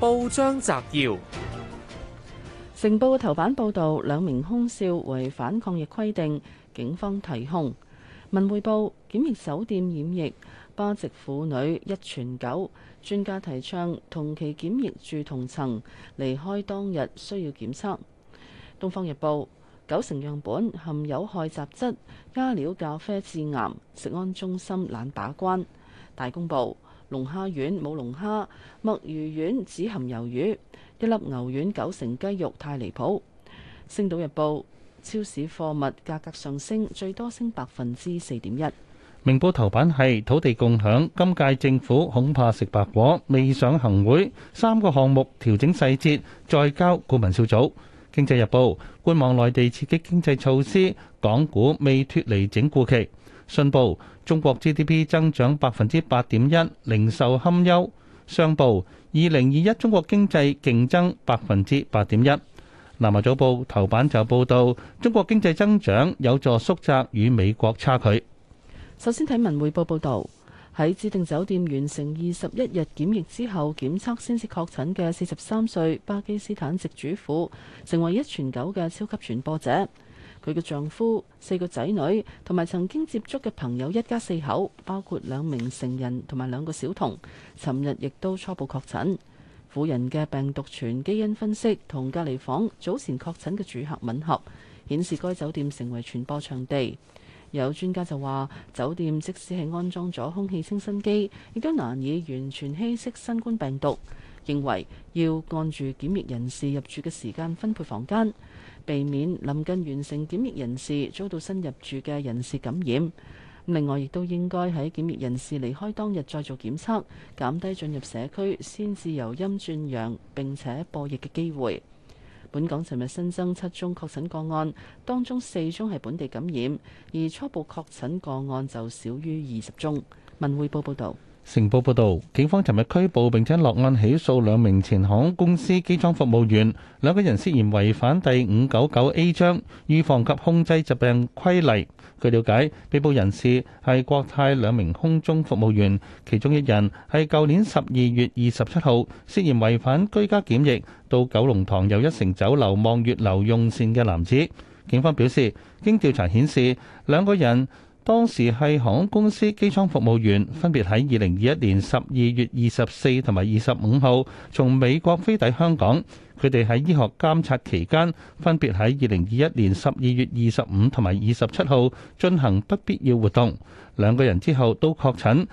報章摘要：成報頭版報道兩名空少違反抗疫規定，警方提控。文匯報檢疫酒店染疫，巴籍婦女一傳九。專家提倡同期檢疫住同層，離開當日需要檢測。東方日報，九成樣本含有害雜質，加料咖啡致癌，食安中心懶把關。大公報龍蝦丸冇龍蝦，墨魚丸只含魷魚，一粒牛丸九成雞肉太離譜。星島日報：超市貨物價格上升，最多升百分之四點一。明報頭版係土地共享，今屆政府恐怕食白果，未上行會，三個項目調整細節再交顧問小組。經濟日報：觀望內地刺激經濟措施，港股未脫離整固期。信報：中國 GDP 增長百分之八點一，零售堪憂。商報：二零二一中國經濟勁增百分之八點一。南華早報頭版就報導，中國經濟增長有助縮窄與美國差距。首先睇文匯報報道，喺指定酒店完成二十一日檢疫之後，檢測先至確診嘅四十三歲巴基斯坦籍主婦，成為一傳九嘅超級傳播者。佢嘅丈夫、四個仔女同埋曾經接觸嘅朋友，一家四口，包括兩名成人同埋兩個小童，尋日亦都初步確診。婦人嘅病毒全基因分析同隔離房早前確診嘅住客吻合，顯示該酒店成為傳播場地。有專家就話，酒店即使係安裝咗空氣清新機，亦都難以完全稀釋新冠病毒，認為要按住檢疫人士入住嘅時間分配房間。避免臨近完成檢疫人士遭到新入住嘅人士感染。另外，亦都應該喺檢疫人士離開當日再做檢測，減低進入社區先至由陰轉陽並且播疫嘅機會。本港尋日新增七宗確診個案，當中四宗係本地感染，而初步確診個案就少於二十宗。文匯報報道。成報報導，警方尋日拘捕並且落案起訴兩名前航空公司機艙服務員，兩個人涉嫌違反第五九九 A 章預防及控制疾病規例。據瞭解，被捕人士係國泰兩名空中服務員，其中一人係舊年十二月二十七號涉嫌違反居家檢疫，到九龍塘又一城酒樓望月樓用膳嘅男子。警方表示，經調查顯示，兩個人，當時係航空公司機艙服務員，分別喺二零二一年十二月二十四同埋二十五號從美國飛抵香港。佢哋喺醫學監察期間，分別喺二零二一年十二月二十五同埋二十七號進行不必要活動。兩個人之後都確診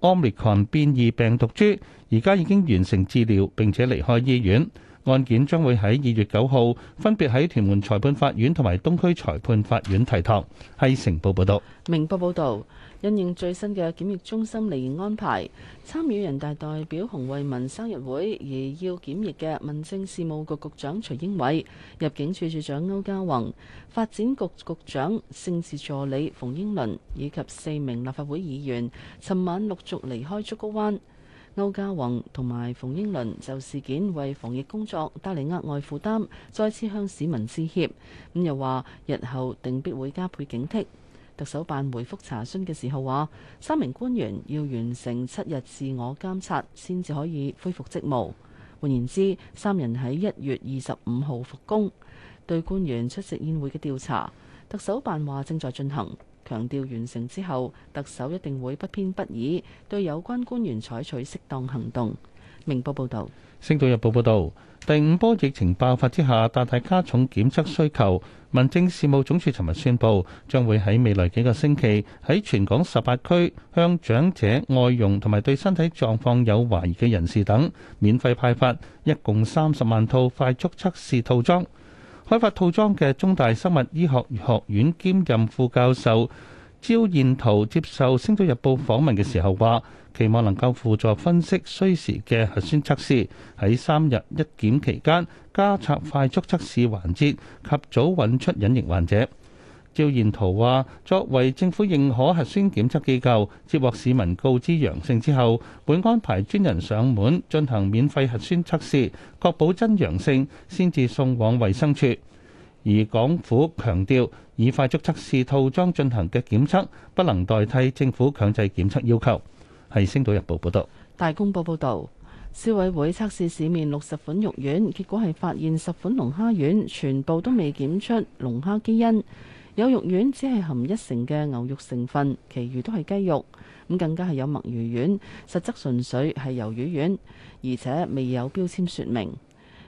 Omicron 變異病毒株，而家已經完成治療並且離開醫院。案件將會喺二月九號分別喺屯門裁判法院同埋東區裁判法院提堂。係城報報導，明報報導，因應最新嘅檢疫中心離營安排，參與人大代表洪為民生日會而要檢疫嘅民政事務局局長徐英偉、入境處處長歐家宏、發展局局長政治助理馮英倫以及四名立法會議員，尋晚陸續離開竹篙灣。歐家宏同埋馮英倫就事件為防疫工作帶嚟額外負擔，再次向市民致歉。咁又話日後定必會加倍警惕。特首辦回覆查詢嘅時候話，三名官員要完成七日自我監察先至可以恢復職務。換言之，三人喺一月二十五號復工。對官員出席宴會嘅調查，特首辦話正在進行。強調完成之後，特首一定會不偏不倚對有關官員採取適當行動。明報報導，星島日報報道：「第五波疫情爆發之下，大大加重檢測需求。」民政事務總署尋日宣布，將會喺未來幾個星期喺全港十八區向長者、外佣同埋對身體狀況有懷疑嘅人士等免費派發一共三十萬套快速測試套裝。開發套裝嘅中大生物醫學學院兼任副教授招彥燾接受《星島日報》訪問嘅時候話：期望能夠輔助分析需時嘅核酸測試，喺三日一檢期間加插快速測試環節，及早揾出隱形患者。趙燕圖話：作為政府認可核酸檢測機構，接獲市民告知陽性之後，會安排專人上門進行免費核酸測試，確保真陽性先至送往衞生處。而港府強調，以快速測試套裝進行嘅檢測不能代替政府強制檢測要求。係《星島日報》報道，《大公報》報道，消委會測試市面六十款肉丸，結果係發現十款龍蝦丸全部都未檢出龍蝦基因。有肉丸只係含一成嘅牛肉成分，其餘都係雞肉，咁更加係有墨魚丸，實則純粹係魷魚丸，而且未有標籤説明。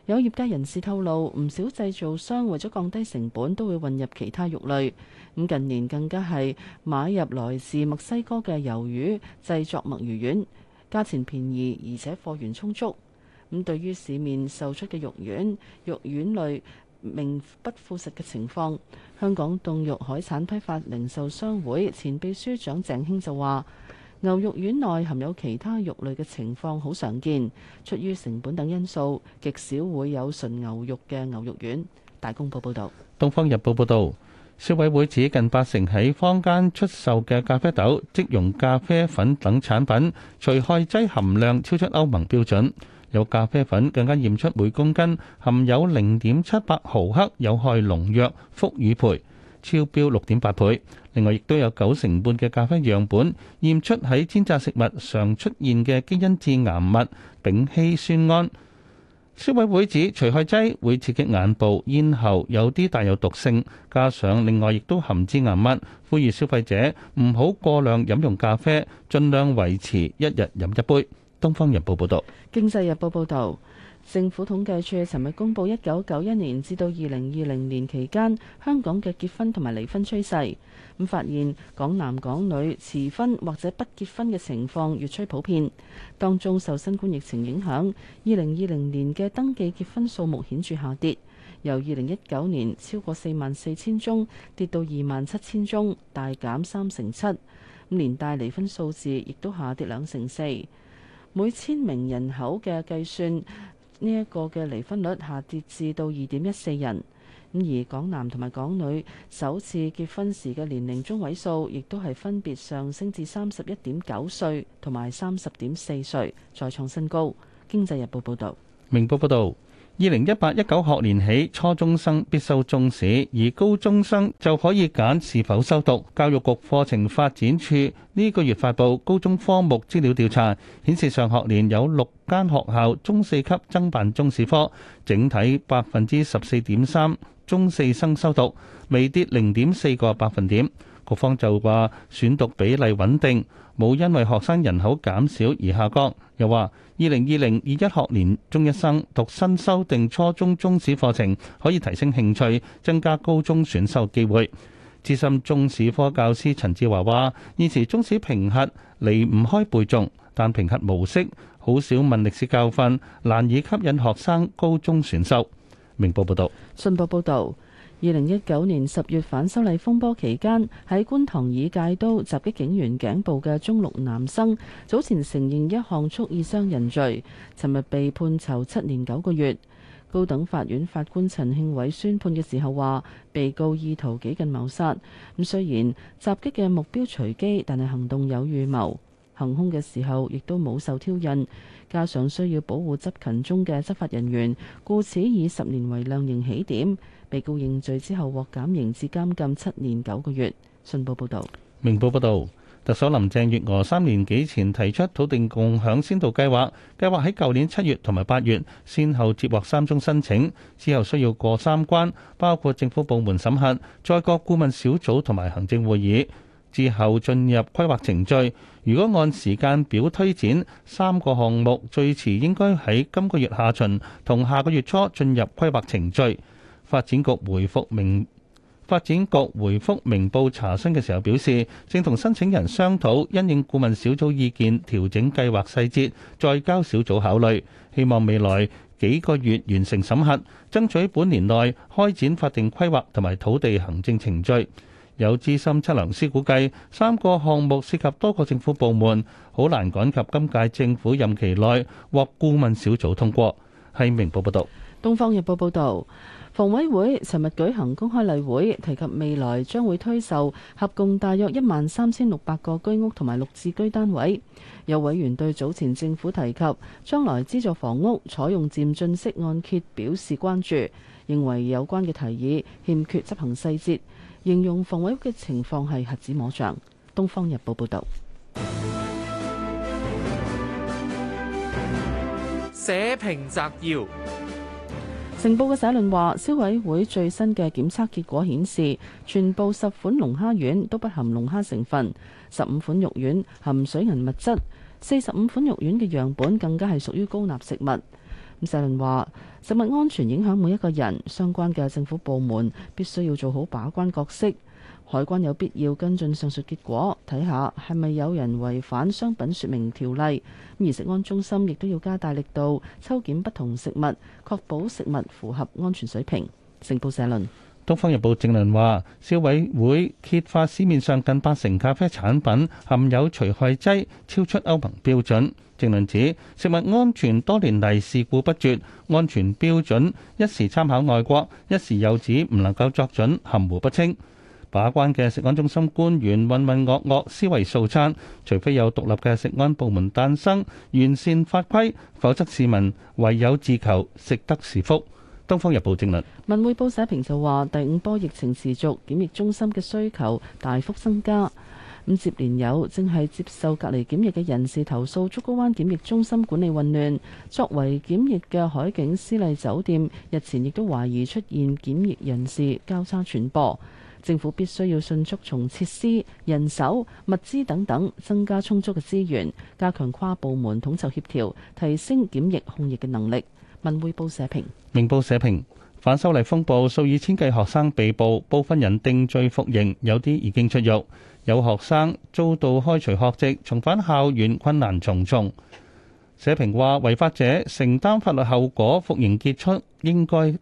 有業界人士透露，唔少製造商為咗降低成本，都會混入其他肉類。咁近年更加係買入來自墨西哥嘅魷魚製作墨魚丸，價錢便宜，而且貨源充足。咁對於市面售出嘅肉丸，肉丸類。名不副實嘅情況，香港凍肉海產批發零售商會前秘書長鄭興就話：牛肉丸內含有其他肉類嘅情況好常見，出於成本等因素，極少會有純牛肉嘅牛肉丸。大公報報導。《東方日報》報導，消委會指近八成喺坊間出售嘅咖啡豆、即溶咖啡粉等產品，除害劑含量超出歐盟標準。有咖啡粉更加驗出每公斤含有零點七八毫克有害農藥福乳培，超標六點八倍。另外，亦都有九成半嘅咖啡樣本驗出喺煎炸食物上出現嘅基因致癌物丙烯酸胺。消委會指除害劑會刺激眼部、咽喉，有啲帶有毒性，加上另外亦都含致癌物，呼籲消費者唔好過量飲用咖啡，盡量維持一日飲一杯。《東方日報》報導，《經濟日報》報導，政府統計處尋日公布一九九一年至到二零二零年期間香港嘅結婚同埋離婚趨勢。咁發現港男港女遲婚或者不結婚嘅情況越趨普遍。當中受新冠疫情影響，二零二零年嘅登記結婚數目顯著下跌，由二零一九年超過四萬四千宗跌到二萬七千宗，大減三成七。咁連帶離婚數字亦都下跌兩成四。每千名人口嘅計算，呢一個嘅離婚率下跌至到二點一四人。咁而港男同埋港女首次結婚時嘅年齡中位數，亦都係分別上升至三十一點九歲同埋三十點四歲，再創新高。經濟日報報道。明報報導。二零一八一九學年起，初中生必修中史，而高中生就可以揀是否修讀。教育局課程發展處呢個月發佈高中科目資料調查，顯示上學年有六間學校中四級增辦中史科，整體百分之十四點三中四生修讀，微跌零點四個百分點。局方就話選讀比例穩定，冇因為學生人口減少而下降。又話二零二零二一學年中一生讀新修訂初中中史課程，可以提升興趣，增加高中選修機會。資深中史科教師陳志華話：現時中史評核離唔開背誦，但評核模式好少問歷史教訓，難以吸引學生高中選修。明報報道。信報報導。二零一九年十月反修例風波期間，喺觀塘以戒刀襲擊警員頸部嘅中六男生，早前承認一項蓄意傷人罪，尋日被判囚七年九個月。高等法院法官陳慶偉宣判嘅時候話：被告意圖幾近謀殺，咁雖然襲擊嘅目標隨機，但係行動有預謀，行凶嘅時候亦都冇受挑釁，加上需要保護執勤中嘅執法人員，故此以十年為量刑起點。被告認罪之後獲減刑至監禁七年九個月。信報報道。明報報道。特首林鄭月娥三年幾前提出土地共享先導計劃，計劃喺舊年七月同埋八月先後接獲三宗申請，之後需要過三關，包括政府部門審核、再各顧問小組同埋行政會議，之後進入規劃程序。如果按時間表推展，三個項目最遲應該喺今個月下旬同下個月初進入規劃程序。發展局回覆明發展局回覆明報查詢嘅時候表示，正同申請人商討，因應顧問小組意見調整計劃細節，再交小組考慮。希望未來幾個月完成審核，爭取本年內開展法定規劃同埋土地行政程序。有資深測量師估計，三個項目涉及多個政府部門，好難趕及今屆政府任期內獲顧問小組通過。係明報報道。《東方日報》報道。房委會尋日舉行公開例會，提及未來將會推售合共大約一萬三千六百個居屋同埋綠置居單位。有委員對早前政府提及將來資助房屋採用漸進式按揭表示關注，認為有關嘅提議欠缺執行細節，形容房委會嘅情況係瞎子摸象。東方日報報道。社評摘要。成報嘅社論話，消委會最新嘅檢測結果顯示，全部十款龍蝦丸都不含龍蝦成分，十五款肉丸含水銀物質，四十五款肉丸嘅樣本更加係屬於高鈉食物。咁社論話，食物安全影響每一個人，相關嘅政府部門必須要做好把關角色。海關有必要跟進上述結果，睇下係咪有人違反商品説明條例。而食安中心亦都要加大力度抽檢不同食物，確保食物符合安全水平。成報社論。《東方日報》正論話，消委會揭發市面上近八成咖啡產品含有除害劑，超出歐盟標準。正論指食物安全多年嚟事故不絕，安全標準一時參考外國，一時又指唔能夠作準，含糊不清。把關嘅食安中心官員渾渾噩噩，尸位素餐，除非有獨立嘅食安部門誕生，完善法規，否則市民唯有自求食得是福。《東方日報》正論文匯報社評就話：第五波疫情持續，檢疫中心嘅需求大幅增加。咁接連有正係接受隔離檢疫嘅人士投訴，竹篙灣檢疫中心管理混亂。作為檢疫嘅海景絲麗酒店，日前亦都懷疑出現檢疫人士交叉傳播。政府必須要迅速從設施、人手、物資等等增加充足嘅資源，加強跨部門統籌協調，提升檢疫控疫嘅能力。文匯報社評。明報社評，反修例風暴數以千計學生被捕，部分人定罪服刑，有啲已經出獄，有學生遭到開除學籍，重返校園困難重重。社評話：違法者承擔法律後果，服刑結束應該。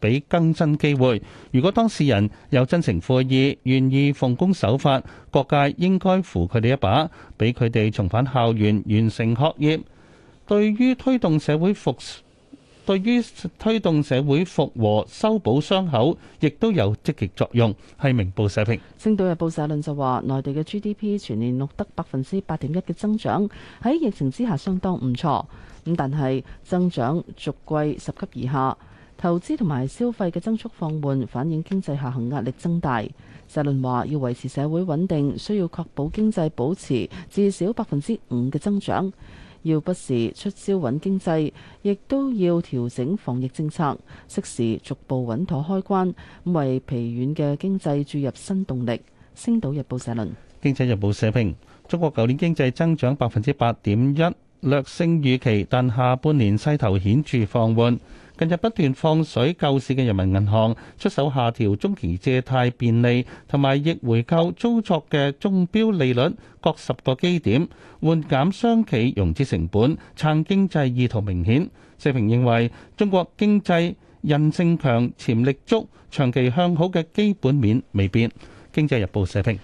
俾更新機會，如果當事人有真誠悔意，願意奉公守法，各界應該扶佢哋一把，俾佢哋重返校園，完成學業。對於推動社會復對於推動社會復和修補傷口，亦都有積極作用。係明報社評。《星島日報》社論就話，內地嘅 GDP 全年錄得百分之八點一嘅增長，喺疫情之下相當唔錯。咁但係增長逐季拾級而下。投資同埋消費嘅增速放緩，反映經濟下行壓力增大。社論話：要維持社會穩定，需要確保經濟保持至少百分之五嘅增長。要不時出招穩經濟，亦都要調整防疫政策，適時逐步穩妥開關，咁為疲軟嘅經濟注入新動力。星島日報社論，《經濟日報》社評：中國舊年經濟增長百分之八點一，略升預期，但下半年勢頭顯著放緩。近日不斷放水救市嘅人民銀行,出手下調中期借貸便利,同埋逆回購操作嘅中標利率,各十個基點,緩減商企融資成本,撐經濟意圖明顯。社評認為,中國經濟韌性強潛力足,長期向好嘅基本面未變。經濟日報社評。